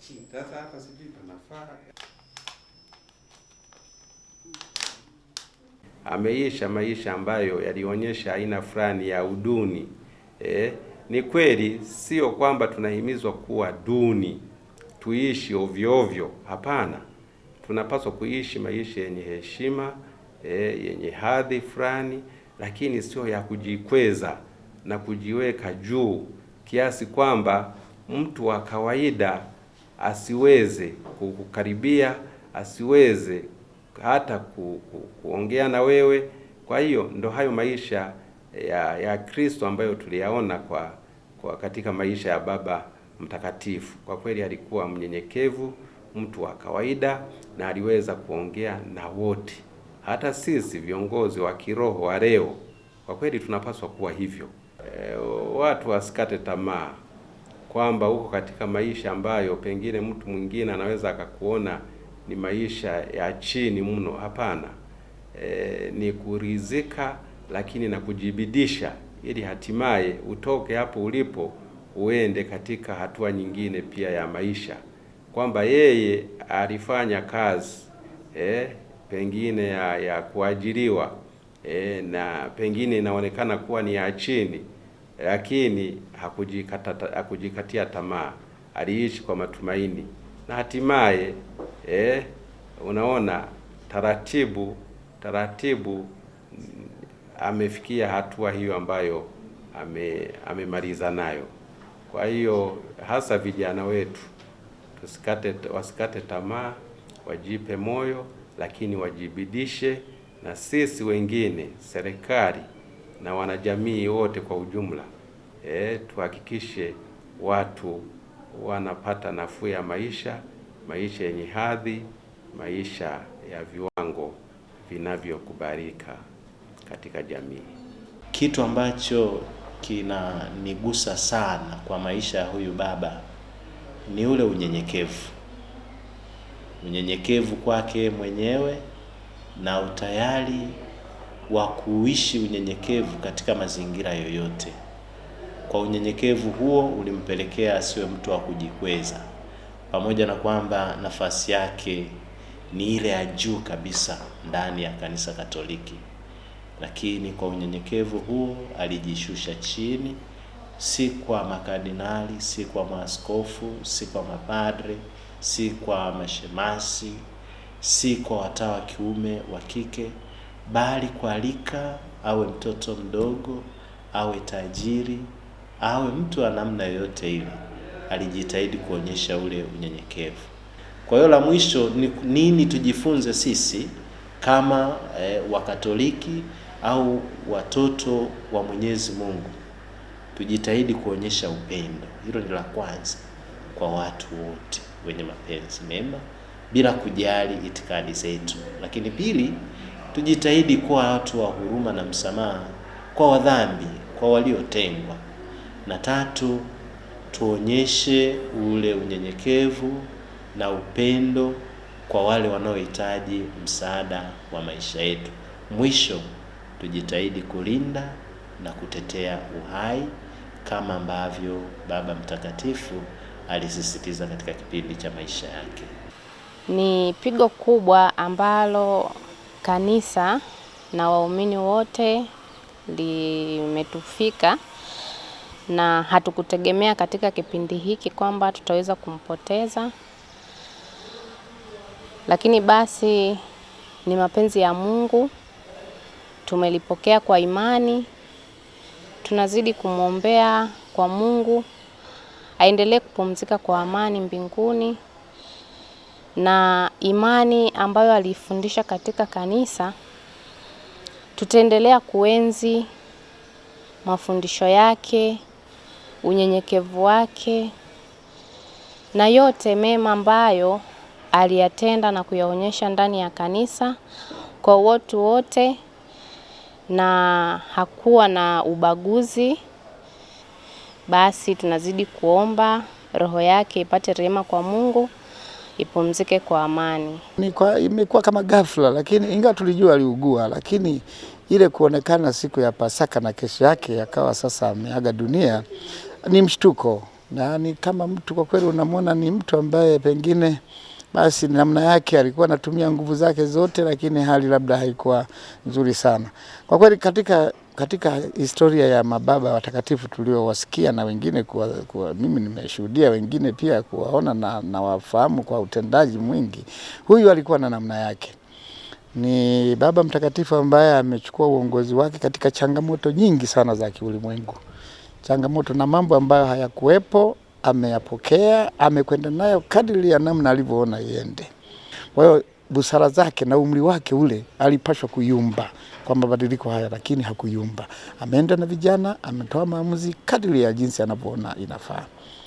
chini. Sasa hapa sijui panafaa. maisha ambayo yalionyesha aina fulani ya uduni. Eh, ni kweli, sio kwamba tunahimizwa kuwa duni tuishi ovyo ovyo, hapana. Tunapaswa kuishi maisha yenye heshima eh, yenye hadhi fulani, lakini sio ya kujikweza na kujiweka juu kiasi kwamba mtu wa kawaida asiweze kukukaribia, asiweze hata ku, ku, kuongea na wewe. Kwa hiyo ndo hayo maisha ya, ya Kristo ambayo tuliyaona kwa, kwa katika maisha ya Baba Mtakatifu. Kwa kweli alikuwa mnyenyekevu, mtu wa kawaida, na aliweza kuongea na wote. Hata sisi viongozi wa kiroho wa leo kwa kweli tunapaswa kuwa hivyo. E, watu wasikate tamaa kwamba uko katika maisha ambayo pengine mtu mwingine anaweza akakuona ni maisha ya chini mno. Hapana, e, ni kuridhika lakini na kujibidisha ili hatimaye utoke hapo ulipo uende katika hatua nyingine pia ya maisha, kwamba yeye alifanya kazi e, pengine ya, ya kuajiriwa e, na pengine inaonekana kuwa ni ya chini lakini hakujikata, hakujikatia tamaa, aliishi kwa matumaini na hatimaye eh, unaona taratibu taratibu amefikia hatua hiyo ambayo ame, amemaliza nayo. Kwa hiyo hasa vijana wetu tusikate, wasikate tamaa, wajipe moyo, lakini wajibidishe, na sisi wengine, serikali na wanajamii wote kwa ujumla e, tuhakikishe watu wanapata nafuu ya maisha, maisha yenye hadhi, maisha ya viwango vinavyokubalika katika jamii. Kitu ambacho kinanigusa sana kwa maisha ya huyu baba ni ule unyenyekevu, unyenyekevu kwake mwenyewe na utayari wa kuishi unyenyekevu katika mazingira yoyote. Kwa unyenyekevu huo ulimpelekea asiwe mtu wa kujikweza, pamoja na kwamba nafasi yake ni ile ya juu kabisa ndani ya kanisa Katoliki, lakini kwa unyenyekevu huo alijishusha chini, si kwa makardinali, si kwa maaskofu, si kwa mapadre, si kwa mashemasi, si kwa watawa wa kiume, wa kike, bali kwa lika awe mtoto mdogo, awe tajiri awe mtu wa namna yoyote ile, alijitahidi kuonyesha ule unyenyekevu. Kwa hiyo la mwisho ni nini tujifunze sisi kama e, Wakatoliki au watoto wa Mwenyezi Mungu? Tujitahidi kuonyesha upendo, hilo ni la kwanza, kwa watu wote wenye mapenzi mema bila kujali itikadi zetu. Lakini pili, tujitahidi kuwa watu wa huruma na msamaha kwa wadhambi, kwa waliotengwa na tatu, tuonyeshe ule unyenyekevu na upendo kwa wale wanaohitaji msaada wa maisha yetu. Mwisho, tujitahidi kulinda na kutetea uhai kama ambavyo Baba Mtakatifu alisisitiza katika kipindi cha maisha yake. Ni pigo kubwa ambalo kanisa na waumini wote limetufika na hatukutegemea katika kipindi hiki kwamba tutaweza kumpoteza, lakini basi ni mapenzi ya Mungu, tumelipokea kwa imani, tunazidi kumwombea kwa Mungu aendelee kupumzika kwa amani mbinguni, na imani ambayo aliifundisha katika kanisa, tutaendelea kuenzi mafundisho yake unyenyekevu wake na yote mema ambayo aliyatenda na kuyaonyesha ndani ya kanisa kwa watu wote, na hakuwa na ubaguzi. Basi tunazidi kuomba roho yake ipate rehema kwa Mungu, ipumzike kwa amani. Imekuwa kama ghafla, lakini ingawa tulijua aliugua, lakini ile kuonekana siku ya Pasaka na kesho yake akawa sasa ameaga dunia ni mshtuko na ni kama mtu kwa kweli unamwona ni mtu ambaye pengine basi namna yake alikuwa anatumia nguvu zake zote, lakini hali labda haikuwa nzuri sana kwa kweli. Katika, katika historia ya mababa watakatifu tuliowasikia na wengine kuwa, kuwa, mimi nimeshuhudia wengine pia kuwaona na, nawafahamu kwa utendaji mwingi, huyu alikuwa na namna yake. Ni baba mtakatifu ambaye amechukua uongozi wake katika changamoto nyingi sana za kiulimwengu changamoto na mambo ambayo hayakuwepo ameyapokea, amekwenda nayo kadiri ya namna alivyoona iende. Kwa hiyo busara zake na umri wake ule alipashwa kuyumba kwa mabadiliko haya, lakini hakuyumba. Ameenda na vijana, ametoa maamuzi kadiri ya jinsi anavyoona inafaa.